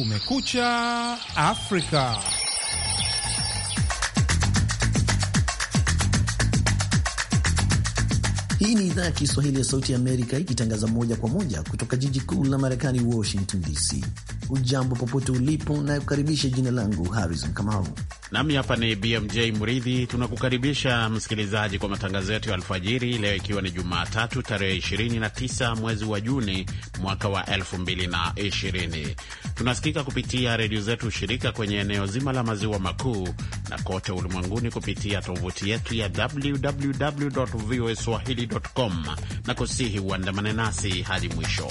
Kumekucha Afrika. Hii ni idhaa ya Kiswahili ya Sauti ya Amerika ikitangaza moja kwa moja kutoka jiji kuu la Marekani, Washington DC. Ujambo popote ulipo, nayekukaribisha jina langu Harrison Kamau nami hapa ni BMJ Mridhi. Tunakukaribisha msikilizaji kwa matangazo yetu ya alfajiri leo, ikiwa ni Jumatatu tarehe 29 mwezi wa Juni mwaka wa 2020. Tunasikika kupitia redio zetu shirika kwenye eneo zima la maziwa makuu na kote ulimwenguni kupitia tovuti yetu ya www voa com, na kusihi uandamane nasi hadi mwisho.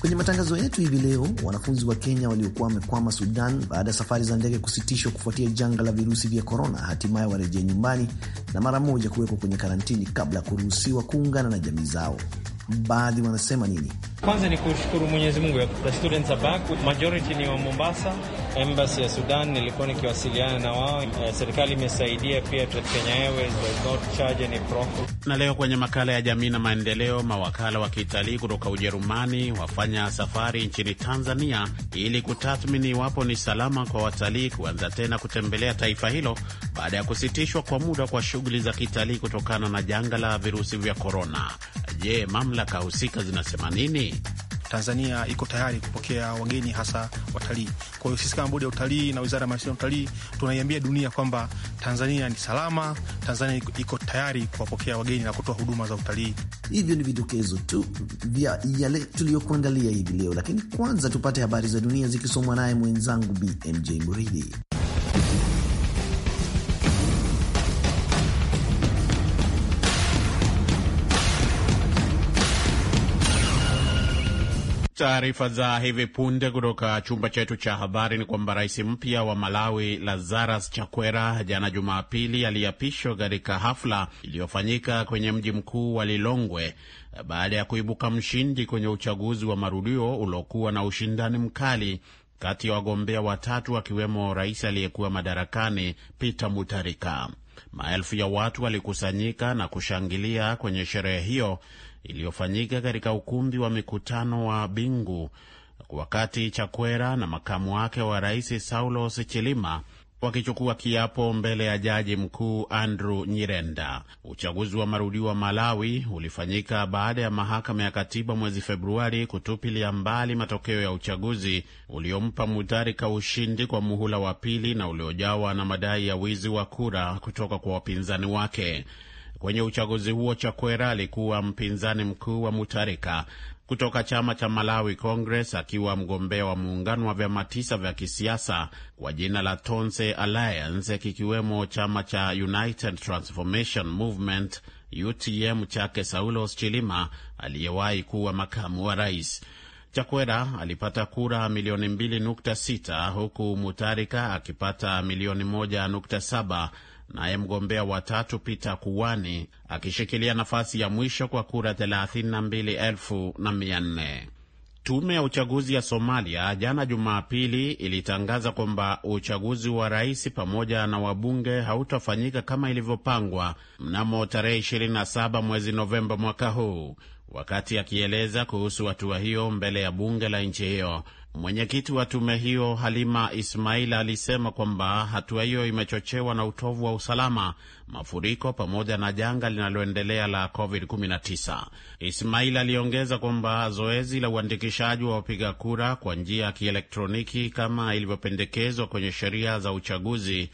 Kwenye matangazo yetu hivi leo, wanafunzi wa Kenya waliokuwa wamekwama Sudan baada ya safari za ndege kusitishwa kufuatia janga la virusi vya korona, hatimaye warejea nyumbani na mara moja kuwekwa kwenye karantini kabla ya kuruhusiwa kuungana na jamii zao. Baadhi wanasema nini? Kwanza ni kushukuru Mwenyezi Mungu, the students are back, majority ni wa Mombasa embassy ya Sudan nilikuwa nikiwasiliana na wao. Uh, serikali imesaidia pia. Kenya Airways not charge any profit. Na leo kwenye makala ya jamii na maendeleo, mawakala wa kitalii kutoka Ujerumani wafanya safari nchini Tanzania ili kutathmini iwapo ni salama kwa watalii kuanza tena kutembelea taifa hilo baada ya kusitishwa kwa muda kwa shughuli za kitalii kutokana na janga la virusi vya korona. Je, mamlaka husika zinasema nini? Tanzania iko tayari kupokea wageni, hasa watalii. Kwa hiyo sisi kama bodi ya utalii na wizara ya maliasili ya utalii tunaiambia dunia kwamba Tanzania ni salama, Tanzania iko tayari kuwapokea wageni na kutoa huduma za utalii. Hivyo ni vidokezo tu vya yale tuliyokuangalia hivi leo, lakini kwanza tupate habari za dunia zikisomwa naye mwenzangu BMJ Muridhi. Taarifa za hivi punde kutoka chumba chetu cha habari ni kwamba rais mpya wa Malawi Lazarus Chakwera jana Jumapili aliapishwa katika hafla iliyofanyika kwenye mji mkuu wa Lilongwe baada ya kuibuka mshindi kwenye uchaguzi wa marudio uliokuwa na ushindani mkali kati ya wagombea watatu akiwemo rais aliyekuwa madarakani Peter Mutharika. Maelfu ya watu walikusanyika na kushangilia kwenye sherehe hiyo iliyofanyika katika ukumbi wa mikutano wa Bingu wakati Chakwera na makamu wake wa rais Saulos Chilima wakichukua kiapo mbele ya jaji mkuu Andrew Nyirenda. Uchaguzi wa marudio wa Malawi ulifanyika baada ya mahakama ya katiba mwezi Februari kutupilia mbali matokeo ya uchaguzi uliompa Mutharika ushindi kwa muhula wa pili na uliojawa na madai ya wizi wa kura kutoka kwa wapinzani wake kwenye uchaguzi huo, Chakwera alikuwa mpinzani mkuu wa Mutarika kutoka chama cha Malawi Congress, akiwa mgombea wa muungano wa vyama tisa vya kisiasa kwa jina la Tonse Alliance, kikiwemo chama cha United Transformation Movement UTM chake Saulos Chilima aliyewahi kuwa makamu wa rais. Chakwera alipata kura milioni 2.6 huku Mutarika akipata milioni 1.7 naye mgombea wa tatu Peter Kuwani akishikilia nafasi ya mwisho kwa kura 32,400. Tume ya uchaguzi ya Somalia jana Jumapili ilitangaza kwamba uchaguzi wa rais pamoja na wabunge hautafanyika kama ilivyopangwa mnamo tarehe 27 mwezi Novemba mwaka huu, wakati akieleza kuhusu hatua hiyo mbele ya bunge la nchi hiyo. Mwenyekiti wa tume hiyo Halima Ismail alisema kwamba hatua hiyo imechochewa na utovu wa usalama, mafuriko pamoja na janga linaloendelea la COVID-19. Ismail aliongeza kwamba zoezi la uandikishaji wa wapiga kura kwa njia ya kielektroniki kama ilivyopendekezwa kwenye sheria za uchaguzi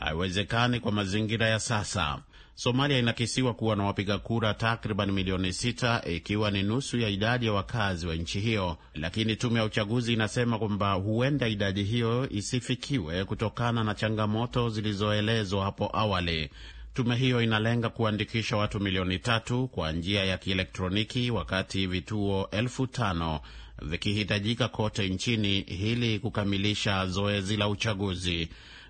haiwezekani kwa mazingira ya sasa. Somalia inakisiwa kuwa na wapiga kura takriban milioni sita ikiwa ni nusu ya idadi ya wakazi wa nchi hiyo, lakini tume ya uchaguzi inasema kwamba huenda idadi hiyo isifikiwe kutokana na changamoto zilizoelezwa hapo awali. Tume hiyo inalenga kuandikisha watu milioni tatu kwa njia ya kielektroniki wakati vituo elfu tano vikihitajika kote nchini ili kukamilisha zoezi la uchaguzi.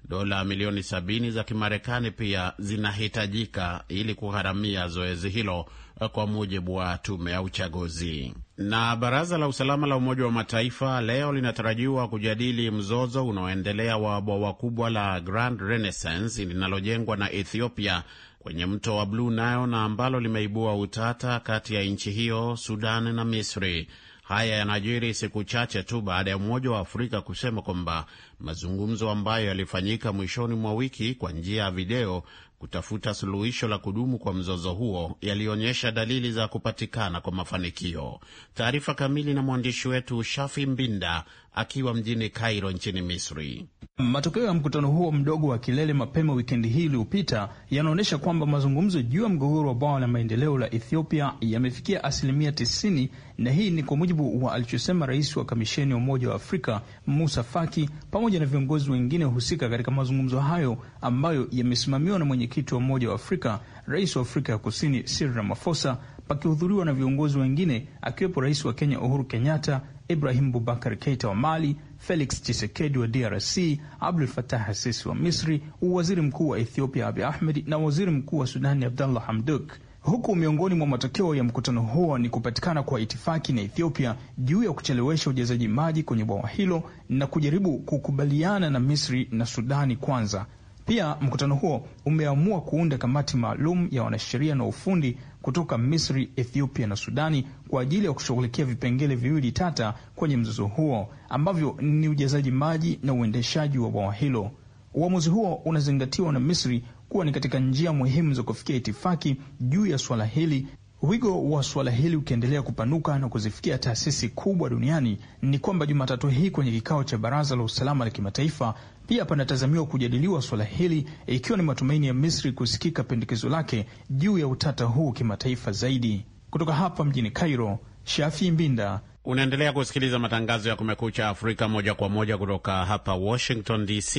Dola milioni sabini za Kimarekani pia zinahitajika ili kugharamia zoezi hilo kwa mujibu wa tume ya uchaguzi. Na baraza la usalama la Umoja wa Mataifa leo linatarajiwa kujadili mzozo unaoendelea wa bwawa kubwa la Grand Renaissance linalojengwa na Ethiopia kwenye mto wa Blue Nile na ambalo limeibua utata kati ya nchi hiyo, Sudan na Misri. Haya yanajiri siku chache tu baada ya Umoja wa Afrika kusema kwamba mazungumzo ambayo yalifanyika mwishoni mwa wiki kwa njia ya video kutafuta suluhisho la kudumu kwa mzozo huo yalionyesha dalili za kupatikana kwa mafanikio. Taarifa kamili na mwandishi wetu Shafi Mbinda akiwa mjini Cairo nchini Misri. Matokeo ya mkutano huo mdogo wa kilele mapema wikendi hii iliyopita yanaonyesha kwamba mazungumzo juu ya mgogoro wa bwawa la maendeleo la Ethiopia yamefikia asilimia 90, na hii ni kwa mujibu wa alichosema rais wa kamisheni ya Umoja wa Afrika Musa Faki pamoja na viongozi wengine husika katika mazungumzo hayo ambayo yamesimamiwa na mwenyekiti wa Umoja wa Afrika, rais wa Afrika ya Kusini Cyril Ramaphosa, pakihudhuriwa na viongozi wengine akiwepo rais wa Kenya Uhuru Kenyatta Ibrahim Bubakar Keita wa Mali, Felix Chisekedi wa DRC, Abdul Fatah Asisi wa Misri, waziri mkuu wa Ethiopia Abi Ahmed na waziri mkuu wa Sudani Abdallah Hamduk huku miongoni mwa matokeo ya mkutano huo ni kupatikana kwa itifaki na Ethiopia juu ya kuchelewesha ujazaji maji kwenye bwawa hilo na kujaribu kukubaliana na Misri na Sudani kwanza pia mkutano huo umeamua kuunda kamati maalum ya wanasheria na ufundi kutoka Misri, Ethiopia na Sudani kwa ajili ya kushughulikia vipengele viwili tata kwenye mzozo huo ambavyo ni ujazaji maji na uendeshaji wa bwawa hilo. Uamuzi huo unazingatiwa na Misri kuwa ni katika njia muhimu za kufikia itifaki juu ya suala hili Wigo wa suala hili ukiendelea kupanuka na kuzifikia taasisi kubwa duniani, ni kwamba Jumatatu hii kwenye kikao cha Baraza la Usalama la Kimataifa pia panatazamiwa kujadiliwa suala hili, ikiwa ni matumaini ya Misri kusikika pendekezo lake juu ya utata huu kimataifa zaidi. Kutoka hapa mjini Cairo, Shafi Mbinda. Unaendelea kusikiliza matangazo ya Kumekucha Afrika moja kwa moja kutoka hapa Washington DC,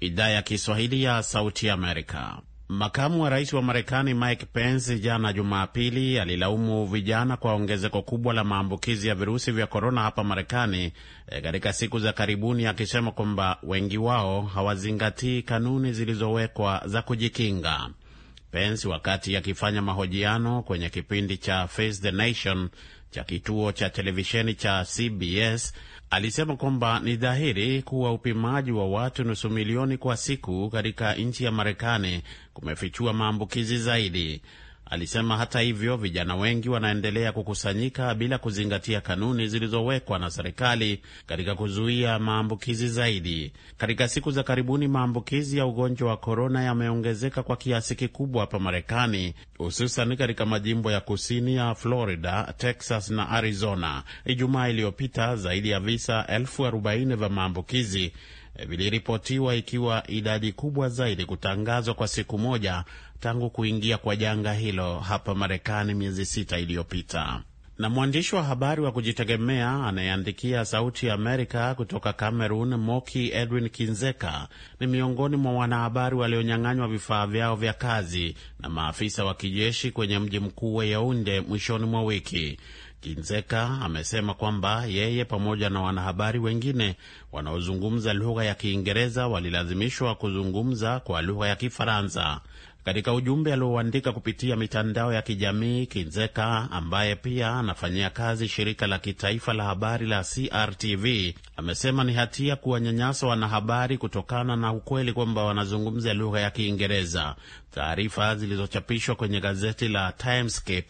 idhaa ya Kiswahili ya Sauti Amerika. Makamu wa rais wa Marekani Mike Pence jana Jumapili alilaumu vijana kwa ongezeko kubwa la maambukizi ya virusi vya korona hapa Marekani eh, katika e, siku za karibuni, akisema kwamba wengi wao hawazingatii kanuni zilizowekwa za kujikinga. Pence wakati akifanya mahojiano kwenye kipindi cha Face the Nation cha kituo cha televisheni cha CBS alisema kwamba ni dhahiri kuwa upimaji wa watu nusu milioni kwa siku katika nchi ya Marekani kumefichua maambukizi zaidi. Alisema hata hivyo, vijana wengi wanaendelea kukusanyika bila kuzingatia kanuni zilizowekwa na serikali katika kuzuia maambukizi zaidi. Katika siku za karibuni, maambukizi ya ugonjwa wa korona yameongezeka kwa kiasi kikubwa hapa Marekani, hususan katika majimbo ya kusini ya Florida, Texas na Arizona. Ijumaa iliyopita zaidi ya visa elfu arobaini vya maambukizi Eh, viliripotiwa ikiwa idadi kubwa zaidi kutangazwa kwa siku moja tangu kuingia kwa janga hilo hapa Marekani miezi sita iliyopita. Na mwandishi wa habari wa kujitegemea anayeandikia Sauti ya Amerika kutoka Cameroon, Moki Edwin Kinzeka ni miongoni mwa wanahabari walionyang'anywa vifaa vyao vya kazi na maafisa wa kijeshi kwenye mji mkuu wa Yaunde mwishoni mwa wiki. Kinzeka amesema kwamba yeye pamoja na wanahabari wengine wanaozungumza lugha ya Kiingereza walilazimishwa kuzungumza kwa lugha ya Kifaransa katika ujumbe aliouandika kupitia mitandao ya kijamii, Kinzeka ambaye pia anafanyia kazi shirika la kitaifa la habari la CRTV amesema ni hatia kuwanyanyasa wanahabari kutokana na ukweli kwamba wanazungumza lugha ya Kiingereza. Taarifa zilizochapishwa kwenye gazeti la Timescape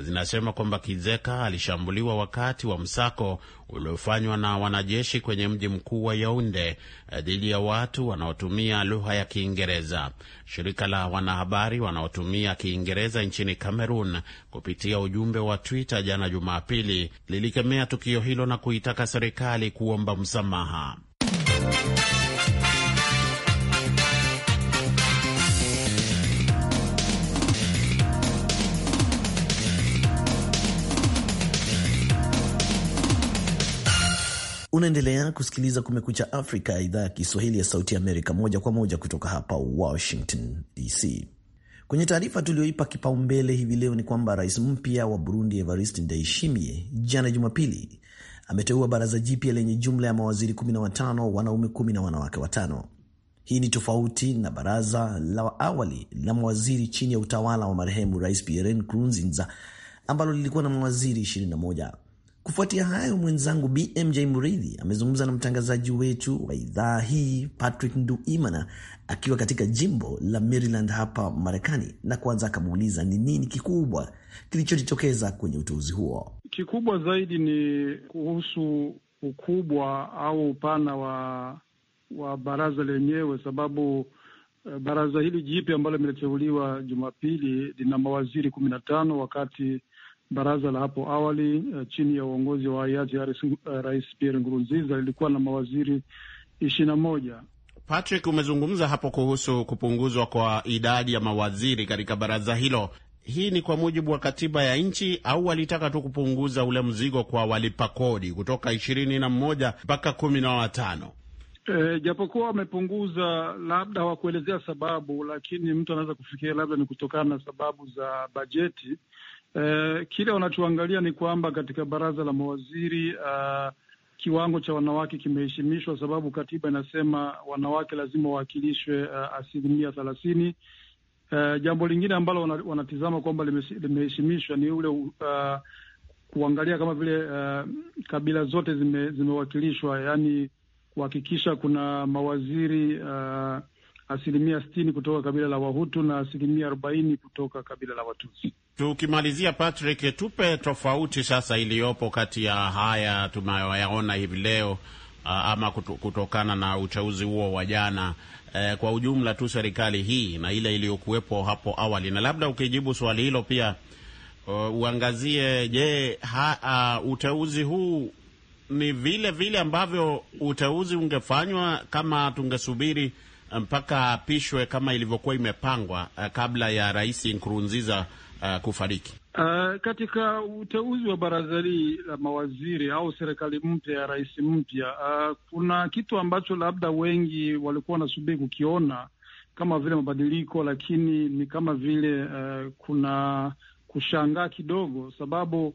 zinasema kwamba Kinzeka alishambuliwa wakati wa msako uliofanywa na wanajeshi kwenye mji mkuu wa Yaunde eh, dhidi ya watu wanaotumia lugha ya Kiingereza. Shirika la wanahabari wanaotumia Kiingereza nchini cameroon kupitia ujumbe wa Twitter jana Jumapili lilikemea tukio hilo na kuitaka serikali kuomba msamaha. Unaendelea kusikiliza Kumekucha Afrika ya idhaa ya Kiswahili ya Sauti Amerika, moja kwa moja kutoka hapa Washington DC. Kwenye taarifa tuliyoipa kipaumbele hivi leo ni kwamba rais mpya wa Burundi evarist Ndayishimiye jana Jumapili ameteua baraza jipya lenye jumla ya mawaziri 15 wanaume kumi na wanawake watano. Hii ni tofauti na baraza la awali la mawaziri chini ya utawala wa marehemu rais Pierre Nkurunziza ambalo lilikuwa na mawaziri 21. Kufuatia hayo, mwenzangu BMJ Muridhi amezungumza na mtangazaji wetu wa idhaa hii Patrick Nduimana akiwa katika jimbo la Maryland hapa Marekani, na kwanza akamuuliza ni nini kikubwa kilichojitokeza kwenye uteuzi huo. Kikubwa zaidi ni kuhusu ukubwa au upana wa wa baraza lenyewe, sababu eh, baraza hili jipya ambalo limeteuliwa Jumapili lina mawaziri kumi na tano wakati Baraza la hapo awali uh, chini ya uongozi wa hayati ya rais, uh, eh, rais Pierre Nkurunziza lilikuwa na mawaziri ishirini na moja. Patrick, umezungumza hapo kuhusu kupunguzwa kwa idadi ya mawaziri katika baraza hilo. Hii ni kwa mujibu wa katiba ya nchi au walitaka tu kupunguza ule mzigo kwa walipa kodi kutoka ishirini na mmoja mpaka kumi na watano? E, japokuwa wamepunguza, labda hawakuelezea sababu, lakini mtu anaweza kufikiria labda ni kutokana na sababu za bajeti Eh, kile wanachoangalia ni kwamba katika baraza la mawaziri uh, kiwango cha wanawake kimeheshimishwa, sababu katiba inasema wanawake lazima wawakilishwe uh, asilimia thelathini. Uh, jambo lingine ambalo wanatizama kwamba limeheshimishwa ni ule uh, kuangalia kama vile uh, kabila zote zime, zimewakilishwa, yaani kuhakikisha kuna mawaziri uh, asilimia sitini kutoka kabila la Wahutu na asilimia arobaini kutoka kabila la Watusi. Tukimalizia Patrick, tupe tofauti sasa iliyopo kati ya haya tunayoyaona hivi leo ama kutokana na uchaguzi huo wa jana eh, kwa ujumla tu serikali hii na ile iliyokuwepo hapo awali, na labda ukijibu swali hilo pia uh, uangazie je, ha, uh, uteuzi huu ni vile vile ambavyo uteuzi ungefanywa kama tungesubiri mpaka apishwe kama ilivyokuwa imepangwa uh, kabla ya Rais Nkurunziza uh, kufariki. Uh, katika uteuzi wa baraza hili la mawaziri au serikali mpya ya rais mpya uh, kuna kitu ambacho labda wengi walikuwa wanasubiri kukiona kama vile mabadiliko, lakini ni kama vile uh, kuna kushangaa kidogo, sababu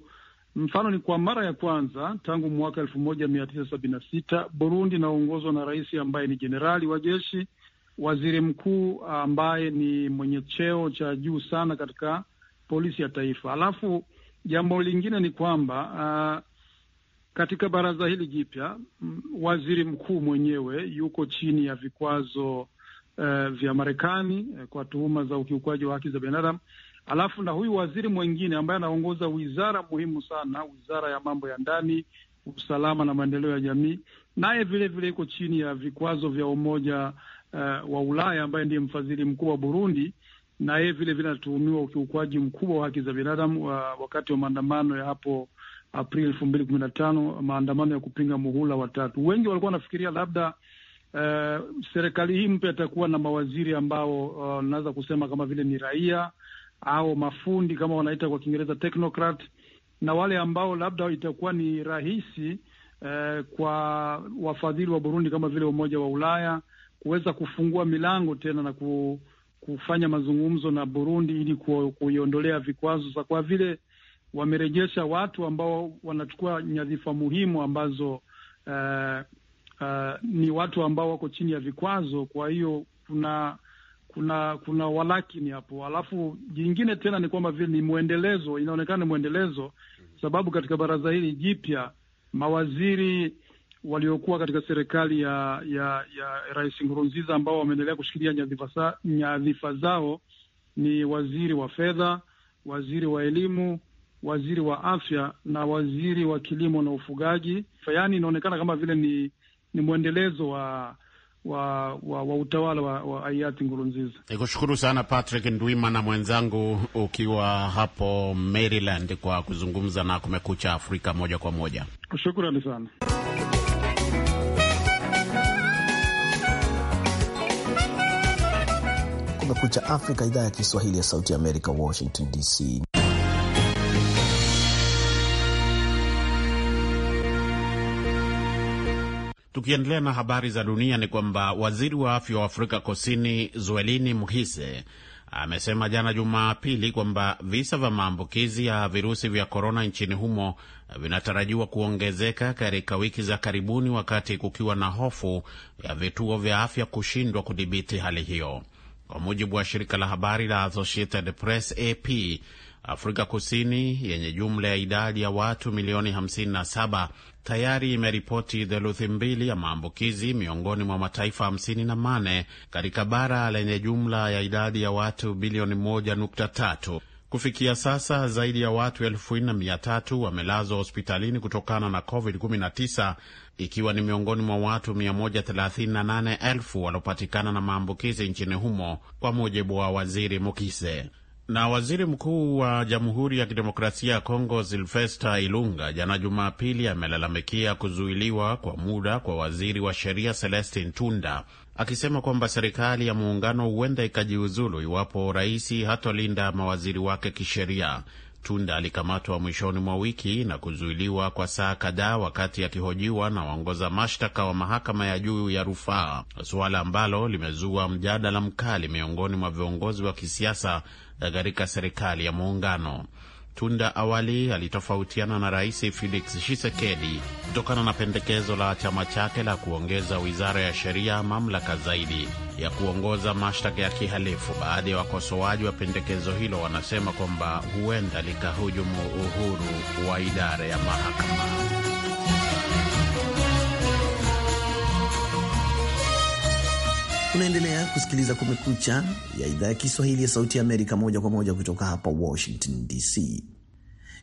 mfano ni kwa mara ya kwanza tangu mwaka elfu moja mia tisa sabini na sita Burundi inaongozwa na rais ambaye ni jenerali wa jeshi waziri mkuu ambaye ni mwenye cheo cha juu sana katika polisi ya taifa. Alafu jambo lingine ni kwamba uh, katika baraza hili jipya waziri mkuu mwenyewe yuko chini ya vikwazo uh, vya Marekani uh, kwa tuhuma za ukiukwaji wa haki za binadamu. Alafu na huyu waziri mwengine ambaye anaongoza wizara muhimu sana, wizara ya mambo ya ndani, usalama na maendeleo ya jamii, naye vilevile iko chini ya vikwazo vya Umoja uh, wa Ulaya ambaye ndiye mfadhili mkuu wa Burundi, na yeye vile vile anatuhumiwa ukiukwaji mkubwa wa haki za binadamu wa, eh, wakati wa maandamano ya hapo Aprili elfu mbili kumi na tano, maandamano ya kupinga muhula watatu. Wengi walikuwa wanafikiria labda Uh, serikali hii mpya itakuwa na mawaziri ambao uh, naweza kusema kama vile ni raia au mafundi kama wanaita kwa Kiingereza technocrat, na wale ambao labda itakuwa ni rahisi uh, kwa wafadhili wa Burundi kama vile Umoja wa Ulaya kuweza kufungua milango tena na ku, kufanya mazungumzo na Burundi ili kuiondolea vikwazo, za kwa vile wamerejesha watu ambao wanachukua nyadhifa muhimu ambazo uh, uh, ni watu ambao wako chini ya vikwazo. Kwa hiyo kuna kuna kuna walakini hapo. Alafu jingine tena ni kwamba vile ni mwendelezo, inaonekana ni mwendelezo, sababu katika baraza hili jipya mawaziri waliokuwa katika serikali ya ya, ya Rais Nkurunziza ambao wameendelea kushikilia nyadhifa, nyadhifa zao ni waziri wa fedha, waziri wa elimu, waziri wa afya na waziri wa kilimo na ufugaji. Yaani inaonekana kama vile ni ni mwendelezo wa wa, wa, wa utawala wa, wa hayati Ngurunziza. Nikushukuru sana Patrick Ndwima na mwenzangu ukiwa hapo Maryland kwa kuzungumza na Kumekucha Afrika moja kwa moja. Shukrani sana. Kumekucha Afrika, idhaa ya Kiswahili ya Sauti ya Amerika, Washington DC. Tukiendelea na habari za dunia ni kwamba waziri wa afya wa Afrika Kusini Zwelini Mhise amesema jana Jumapili kwamba visa vya maambukizi ya virusi vya korona nchini humo vinatarajiwa kuongezeka katika wiki za karibuni, wakati kukiwa na hofu ya vituo vya afya kushindwa kudhibiti hali hiyo. Kwa mujibu wa shirika la habari la Associated Press AP, Afrika Kusini yenye jumla ya idadi ya watu milioni 57 tayari imeripoti theluthi mbili ya maambukizi miongoni mwa mataifa 58 katika bara lenye jumla ya idadi ya watu bilioni 1.3. Kufikia sasa zaidi ya watu elfu wamelazwa hospitalini kutokana na COVID-19 ikiwa ni miongoni mwa watu 138,000 waliopatikana na maambukizi nchini humo, kwa mujibu wa Waziri Mukise. Na waziri mkuu wa Jamhuri ya Kidemokrasia ya Kongo Silvesta Ilunga jana Jumapili amelalamikia kuzuiliwa kwa muda kwa waziri wa sheria Celestin Tunda akisema kwamba serikali ya muungano huenda ikajiuzulu iwapo rais hatolinda mawaziri wake kisheria. Tunda alikamatwa mwishoni mwa wiki na kuzuiliwa kwa saa kadhaa wakati akihojiwa na waongoza mashtaka wa mahakama ya juu ya rufaa, suala ambalo limezua mjadala mkali miongoni mwa viongozi wa kisiasa eh, katika serikali ya muungano. Tunda awali alitofautiana na Rais Felix Tshisekedi kutokana na pendekezo la chama chake la kuongeza wizara ya sheria mamlaka zaidi ya kuongoza mashtaka ya kihalifu. Baadhi ya wakosoaji wa pendekezo hilo wanasema kwamba huenda likahujumu uhuru wa idara ya mahakama. Unaendelea kusikiliza Kumekucha ya idhaa ya Kiswahili ya Sauti ya Amerika, moja kwa moja kutoka hapa Washington DC.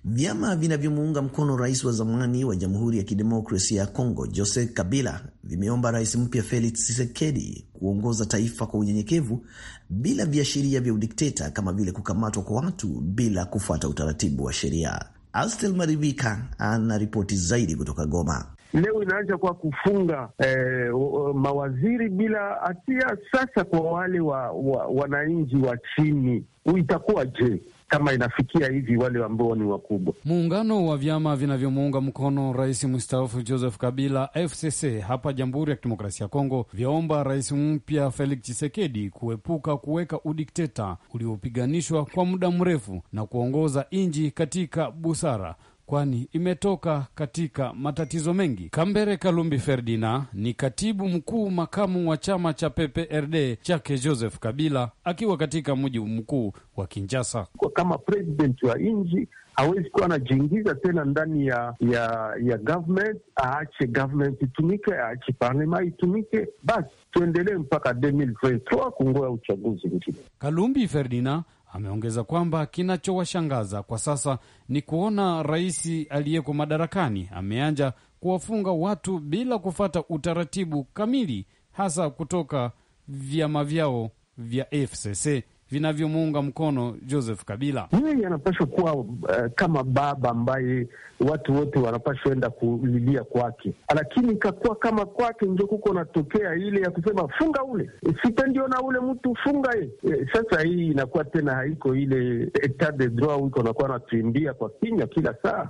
Vyama vinavyomuunga mkono rais wa zamani wa Jamhuri ya Kidemokrasia ya Kongo Joseph Kabila vimeomba rais mpya Felix Tshisekedi kuongoza taifa kwa unyenyekevu bila viashiria vya udikteta kama vile kukamatwa kwa watu bila kufuata utaratibu wa sheria. Astel Marivika ana ripoti zaidi kutoka Goma leo inaanza kwa kufunga eh, mawaziri bila hatia. Sasa kwa wale wa, wa, wananchi wa chini itakuwa je kama inafikia hivi wale ambao ni wakubwa? Muungano wa vyama vinavyomuunga mkono rais mstaafu Joseph Kabila, FCC, hapa Jamhuri ya Kidemokrasia ya Kongo vyaomba rais mpya Felix Tshisekedi kuepuka kuweka udikteta uliopiganishwa kwa muda mrefu na kuongoza nchi katika busara kwani imetoka katika matatizo mengi. Kambere Kalumbi Ferdina ni katibu mkuu makamu wa chama cha PPRD chake Joseph Kabila akiwa katika mji mkuu wa Kinshasa. Kama president wa nchi hawezi kuwa anajiingiza tena ndani ya ya ya government, aache government itumike, aache parlema itumike, basi tuendelee mpaka 2023 kungoya uchaguzi mwingine. Kalumbi Ferdina Ameongeza kwamba kinachowashangaza kwa sasa ni kuona rais aliyeko madarakani ameanja kuwafunga watu bila kufata utaratibu kamili, hasa kutoka vyama vyao vya FCC vinavyomuunga mkono Joseph Kabila. Yeye anapashwa kuwa uh, kama baba ambaye watu wote wanapaswa enda kulilia kwake, lakini ikakuwa kama kwake ndio kuko natokea ile ya kusema funga ule eh, sipendiona ule mtu funga ye. E, sasa hii inakuwa tena haiko ile etat de droit wiko nakuwa natuimbia kwa kinywa kila saa.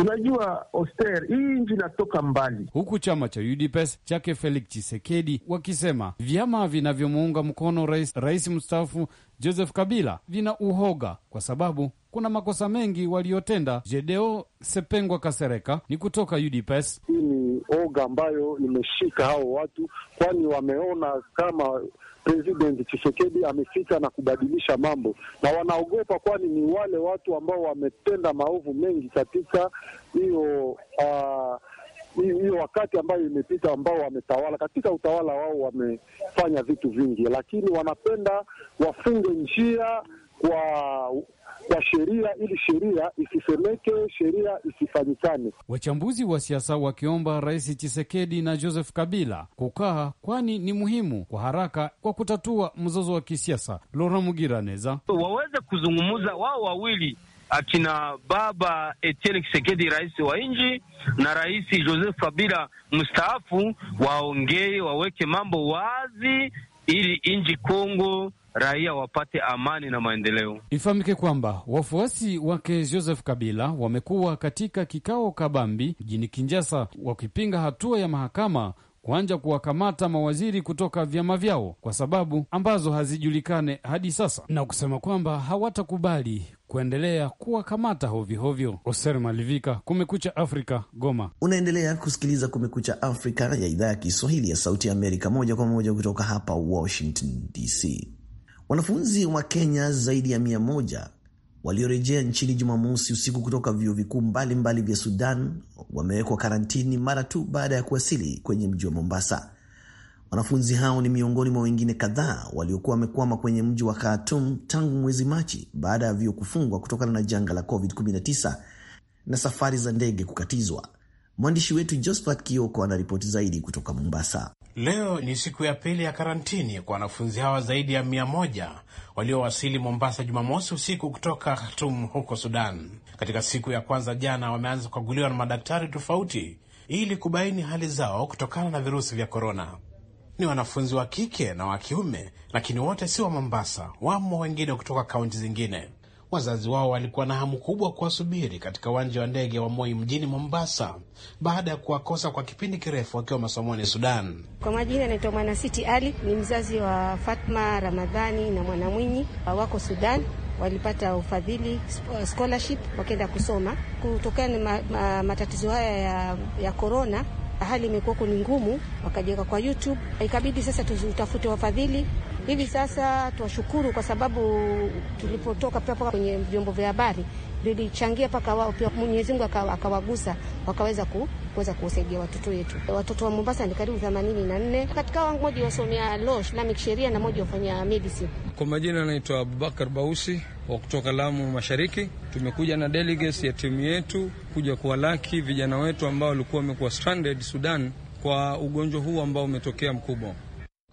Unajua Oster, hii nchi inatoka mbali, huku chama cha UDPS chake Felix Chisekedi wakisema vyama vinavyomuunga mkono rais, rais mstaafu Joseph Kabila vina uhoga kwa sababu kuna makosa mengi waliotenda. Jedeo Sepengwa Kasereka ni kutoka UDPS. Hii ni oga ambayo imeshika hao watu, kwani wameona kama President Tshisekedi amefika na kubadilisha mambo, na wanaogopa, kwani ni wale watu ambao wametenda maovu mengi katika hiyo ah, hiyo uh, wakati ambayo imepita, ambao wametawala katika utawala wao, wamefanya vitu vingi, lakini wanapenda wafunge njia kwa kwa sheria ili sheria isisemeke, sheria isifanyikane. Wachambuzi wa siasa wakiomba Rais chisekedi na Joseph Kabila kukaa, kwani ni muhimu kwa haraka kwa kutatua mzozo wa kisiasa. Laurent Mugiraneza waweze kuzungumza wao wawili akina baba Etienne Tshisekedi rais wa nchi na rais Joseph Kabila mstaafu, waongee waweke mambo wazi ili nchi Kongo raia wapate amani na maendeleo. Ifahamike kwamba wafuasi wake Joseph Kabila wamekuwa katika kikao kabambi mjini kinjasa wakipinga hatua ya mahakama kuanja kuwakamata mawaziri kutoka vyama vyao kwa sababu ambazo hazijulikane hadi sasa, na kusema kwamba hawatakubali kuendelea kuwakamata hovyohovyo. Oser Malivika, Kumekucha Afrika, Goma. Unaendelea kusikiliza Kumekucha Afrika ya idhaa ya Kiswahili ya Sauti ya Amerika, moja kwa moja kutoka hapa Washington DC. Wanafunzi wa Kenya zaidi ya mia moja waliorejea nchini Jumamosi usiku kutoka vyuo vikuu mbalimbali vya Sudan wamewekwa karantini mara tu baada ya kuwasili kwenye mji wa Mombasa. Wanafunzi hao ni miongoni mwa wengine kadhaa waliokuwa wamekwama kwenye mji wa Khartoum tangu mwezi Machi baada ya vyuo kufungwa kutokana na janga la COVID-19 na safari za ndege kukatizwa. Mwandishi wetu Josphat Kioko anaripoti zaidi kutoka Mombasa. Leo ni siku ya pili ya karantini kwa wanafunzi hawa zaidi ya mia moja waliowasili Mombasa Jumamosi usiku kutoka khatum huko Sudan. Katika siku ya kwanza jana, wameanza kukaguliwa na madaktari tofauti ili kubaini hali zao kutokana na virusi vya korona. Ni wanafunzi wa kike na wa kiume, lakini wote si wa Mombasa, wamo wengine kutoka kaunti zingine. Wazazi wao walikuwa na hamu kubwa kuwasubiri katika uwanja wa ndege wa Moi mjini Mombasa baada ya kuwakosa kwa kipindi kirefu wakiwa masomoni Sudan. Kwa majina anaitwa Mwanasiti Ali, ni mzazi wa Fatma Ramadhani na Mwanamwinyi, wako Sudan walipata ufadhili scholarship wakienda kusoma. Kutokana na matatizo haya ya, ya korona, hali imekuwako ni ngumu, wakajiweka kwa YouTube. Ikabidi sasa tuzitafute wafadhili Hivi sasa tuwashukuru kwa sababu tulipotoka pia paka kwenye vyombo vya habari vilichangia mpaka wao pia Mwenyezi Mungu akawagusa wakaweza ku, kuweza kuwasaidia watoto wetu. Watoto wa Mombasa ni karibu 84 katika wangu, mmoja wasomea law Islamic sheria na mmoja wafanya medicine. Kwa majina anaitwa Abubakar Bausi wa kutoka Lamu Mashariki. Tumekuja na delegates ya timu yetu kuja kuwalaki vijana wetu ambao walikuwa wamekuwa stranded Sudan kwa ugonjwa huu ambao umetokea mkubwa.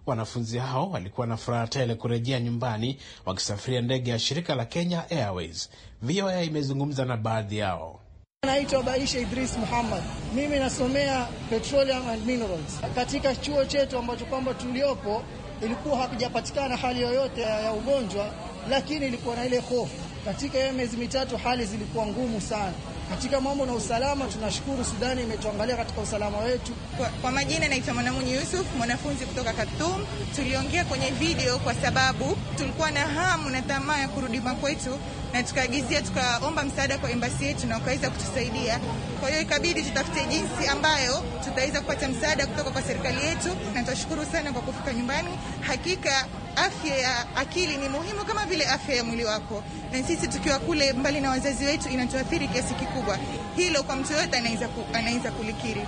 Wanafunzi hao walikuwa na furaha tele kurejea nyumbani wakisafiria ndege ya shirika la Kenya Airways. VOA imezungumza na baadhi yao. Naitwa Baisha Idris Muhammad, mimi nasomea petroleum and minerals katika chuo chetu ambacho kwamba tuliopo ilikuwa hakujapatikana hali yoyote ya ugonjwa, lakini ilikuwa na ile hofu. Katika hiyo miezi mitatu hali zilikuwa ngumu sana katika mambo na usalama, tunashukuru Sudani imetuangalia katika usalama wetu. Kwa, kwa majina naitwa Mwanamunyi Yusuf, mwanafunzi kutoka Khartoum. Tuliongea kwenye video kwa sababu tulikuwa na hamu na tamaa ya kurudi makwetu, na tukaagizia tukaomba msaada kwa embasi yetu na ukaweza kutusaidia. Kwa hiyo ikabidi tutafute jinsi ambayo tutaweza kupata msaada kutoka kwa serikali yetu, na tunashukuru sana kwa kufika nyumbani hakika afya ya akili ni muhimu kama vile afya ya mwili wako, na sisi tukiwa kule mbali na wazazi wetu inatuathiri kiasi kikubwa. Hilo kwa mtu yoyote anaweza ku, anaweza kulikiri.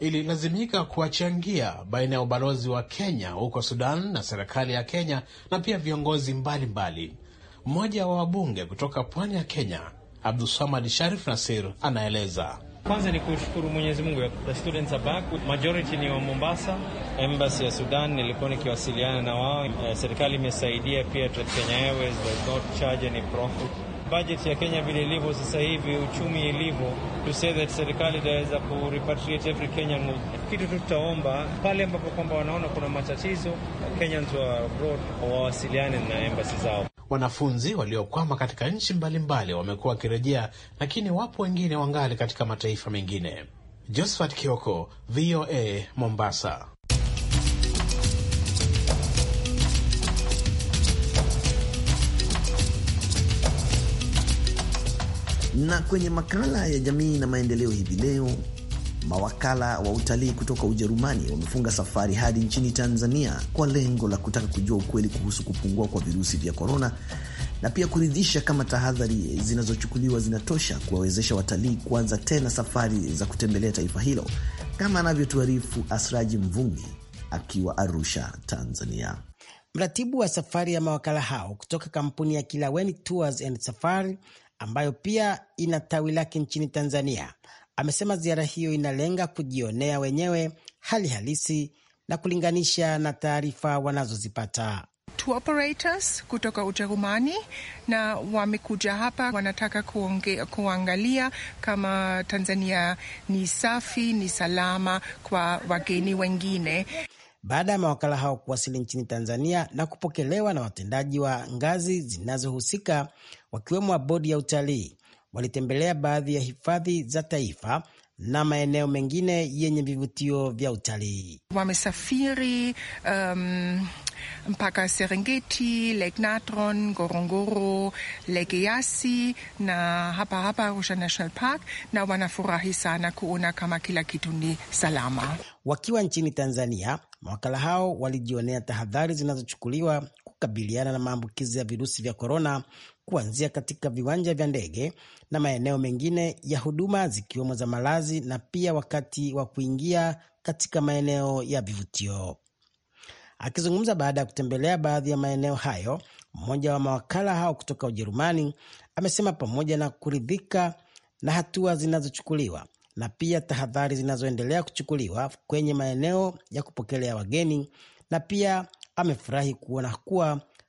Ililazimika kuwachangia baina ya ubalozi wa Kenya huko Sudan na serikali ya Kenya na pia viongozi mbalimbali. Mmoja wa wabunge kutoka pwani ya Kenya Abdusamad Sharif Nasir anaeleza. Kwanza ni kushukuru Mwenyezi Mungu, the students are back, majority ni wa Mombasa. Embassy ya Sudan nilikuwa nikiwasiliana na wao. Uh, serikali imesaidia pia Kenya Airways, they not charge any profit. Budget ya Kenya vile ilivyo sasa hivi, uchumi ilivyo, to say that serikali itaweza ku repatriate every Kenyan. Kitu tu tutaomba pale ambapo kwamba wanaona kuna matatizo Kenyans wa abroad wawasiliane na embassy zao. Wanafunzi waliokwama katika nchi mbalimbali wamekuwa wakirejea, lakini wapo wengine wangali katika mataifa mengine. Josephat Kioko, VOA, Mombasa. Na kwenye makala ya jamii na maendeleo hivi leo mawakala wa utalii kutoka Ujerumani wamefunga safari hadi nchini Tanzania kwa lengo la kutaka kujua ukweli kuhusu kupungua kwa virusi vya korona na pia kuridhisha kama tahadhari zinazochukuliwa zinatosha kuwawezesha watalii kuanza tena safari za kutembelea taifa hilo, kama anavyotuarifu Asraji Mvungi akiwa Arusha, Tanzania. Mratibu wa safari ya mawakala hao kutoka kampuni ya Kilaweni Tours and Safari ambayo pia ina tawi lake nchini Tanzania amesema ziara hiyo inalenga kujionea wenyewe hali halisi na kulinganisha na taarifa wanazozipata operators kutoka Ujerumani na wamekuja hapa, wanataka kuonge, kuangalia kama Tanzania ni safi, ni salama kwa wageni wengine. Baada ya mawakala hao kuwasili nchini Tanzania na kupokelewa na watendaji wa ngazi zinazohusika wakiwemo wa bodi ya utalii, walitembelea baadhi ya hifadhi za taifa na maeneo mengine yenye vivutio vya utalii. Wamesafiri um, mpaka Serengeti, Lake Natron, Ngorongoro, Lake Eyasi na hapa hapa Arusha National Park, na wanafurahi sana kuona kama kila kitu ni salama. Wakiwa nchini Tanzania, mawakala hao walijionea tahadhari zinazochukuliwa kukabiliana na maambukizi ya virusi vya korona kuanzia katika viwanja vya ndege na maeneo mengine ya huduma zikiwemo za malazi na pia wakati wa kuingia katika maeneo ya vivutio. Akizungumza baada ya kutembelea baadhi ya maeneo hayo, mmoja wa mawakala hao kutoka Ujerumani amesema pamoja na kuridhika na hatua zinazochukuliwa na pia tahadhari zinazoendelea kuchukuliwa kwenye maeneo ya kupokelea wageni, na pia amefurahi kuona kuwa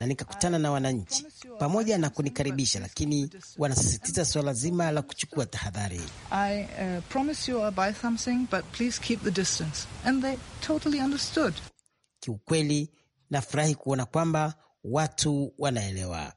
Na nikakutana na wananchi pamoja na kunikaribisha, lakini wanasisitiza suala zima la kuchukua tahadhari. uh, totally Kiukweli nafurahi kuona kwamba watu wanaelewa.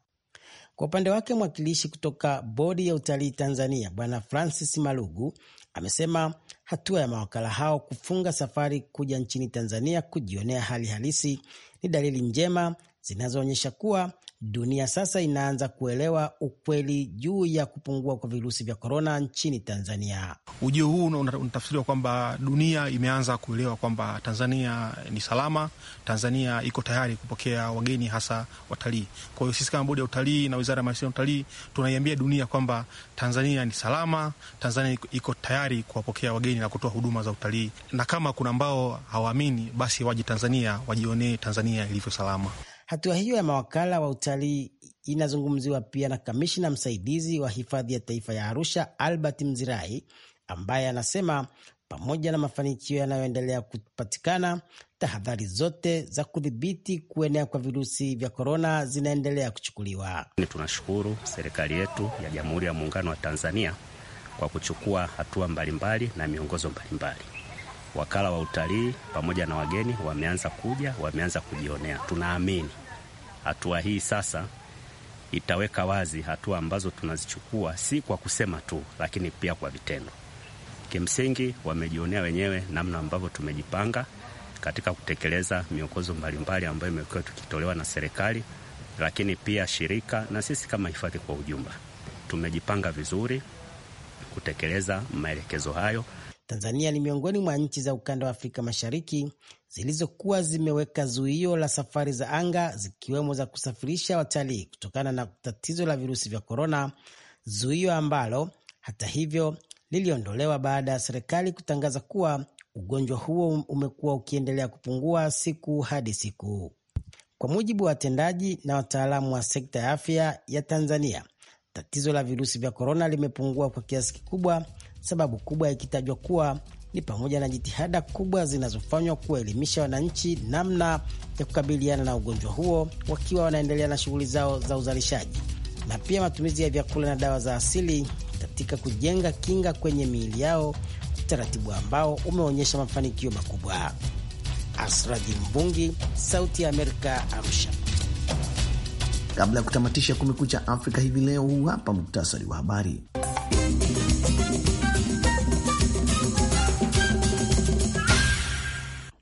Kwa upande wake mwakilishi kutoka bodi ya utalii Tanzania Bwana Francis Malugu amesema hatua ya mawakala hao kufunga safari kuja nchini Tanzania kujionea hali halisi ni dalili njema zinazoonyesha kuwa Dunia sasa inaanza kuelewa ukweli juu ya kupungua kwa virusi vya korona nchini Tanzania. Ujio huu unatafsiriwa kwamba dunia imeanza kuelewa kwamba Tanzania ni salama, Tanzania iko tayari kupokea wageni, hasa watalii. Kwa hiyo sisi kama bodi ya utalii na wizara ya maliasili ya utalii tunaiambia dunia kwamba Tanzania ni salama, Tanzania iko tayari kuwapokea wageni na kutoa huduma za utalii, na kama kuna ambao hawaamini, basi waje Tanzania wajionee Tanzania ilivyo salama. Hatua hiyo ya mawakala wa utalii inazungumziwa pia na kamishina msaidizi wa hifadhi ya taifa ya Arusha Albert Mzirai, ambaye anasema pamoja na mafanikio yanayoendelea kupatikana, tahadhari zote za kudhibiti kuenea kwa virusi vya korona zinaendelea kuchukuliwa. Tunashukuru serikali yetu ya Jamhuri ya Muungano wa Tanzania kwa kuchukua hatua mbalimbali na miongozo mbalimbali wakala wa utalii pamoja na wageni wameanza kuja, wameanza kujionea. Tunaamini hatua hii sasa itaweka wazi hatua ambazo tunazichukua si kwa kusema tu, lakini pia kwa vitendo. Kimsingi wamejionea wenyewe namna ambavyo tumejipanga katika kutekeleza miongozo mbalimbali ambayo imekuwa tukitolewa na serikali, lakini pia shirika na sisi kama hifadhi kwa ujumla tumejipanga vizuri kutekeleza maelekezo hayo. Tanzania ni miongoni mwa nchi za ukanda wa Afrika Mashariki zilizokuwa zimeweka zuio la safari za anga zikiwemo za kusafirisha watalii kutokana na tatizo la virusi vya korona, zuio ambalo hata hivyo liliondolewa baada ya serikali kutangaza kuwa ugonjwa huo umekuwa ukiendelea kupungua siku hadi siku. Kwa mujibu wa watendaji na wataalamu wa sekta ya afya ya Tanzania, tatizo la virusi vya korona limepungua kwa kiasi kikubwa sababu kubwa ikitajwa kuwa ni pamoja na jitihada kubwa zinazofanywa kuwaelimisha wananchi namna ya kukabiliana na ugonjwa huo wakiwa wanaendelea na shughuli zao za uzalishaji, na pia matumizi ya vyakula na dawa za asili katika kujenga kinga kwenye miili yao, utaratibu ambao umeonyesha mafanikio makubwa. Asraji Mbungi, Sauti ya Amerika, Arusha. Kabla ya kutamatisha Kumekucha Afrika hivi leo, huu hapa muktasari wa habari.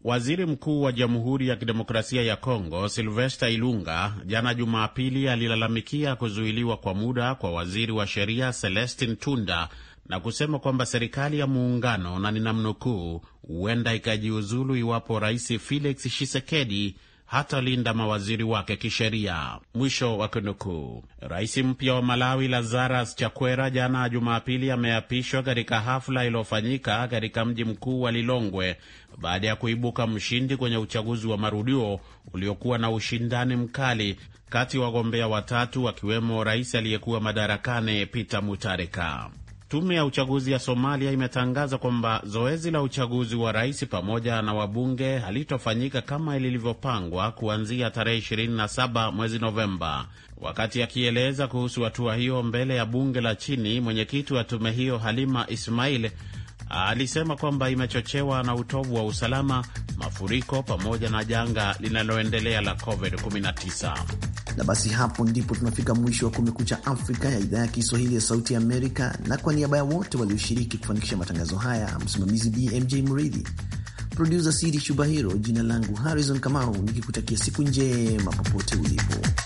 Waziri Mkuu wa Jamhuri ya Kidemokrasia ya Kongo Silvester Ilunga jana Jumapili alilalamikia kuzuiliwa kwa muda kwa waziri wa sheria Celestin Tunda na kusema kwamba serikali ya muungano na ninamnukuu, huenda ikajiuzulu iwapo Rais Felix Tshisekedi hatalinda mawaziri wake kisheria. Mwisho wa kunukuu. Rais mpya wa Malawi Lazarus Chakwera jana Jumapili ameapishwa katika hafla iliyofanyika katika mji mkuu wa Lilongwe baada ya kuibuka mshindi kwenye uchaguzi wa marudio uliokuwa na ushindani mkali kati ya wagombea watatu wakiwemo rais aliyekuwa madarakani Peter Mutharika. Tume ya uchaguzi ya Somalia imetangaza kwamba zoezi la uchaguzi wa rais pamoja na wabunge halitofanyika kama lilivyopangwa kuanzia tarehe 27 mwezi Novemba. Wakati akieleza kuhusu hatua hiyo mbele ya bunge la chini, mwenyekiti wa tume hiyo Halima Ismail alisema kwamba imechochewa na utovu wa usalama, mafuriko pamoja na janga linaloendelea la COVID-19. Na basi hapo ndipo tunafika mwisho wa Kumekucha Afrika ya idhaa ya Kiswahili ya Sauti ya Amerika, na kwa niaba ya wote walioshiriki kufanikisha matangazo haya, msimamizi BMJ Mridhi, produsa Sidi Shubahiro, jina langu Harrison Kamau, nikikutakia siku njema popote ulipo.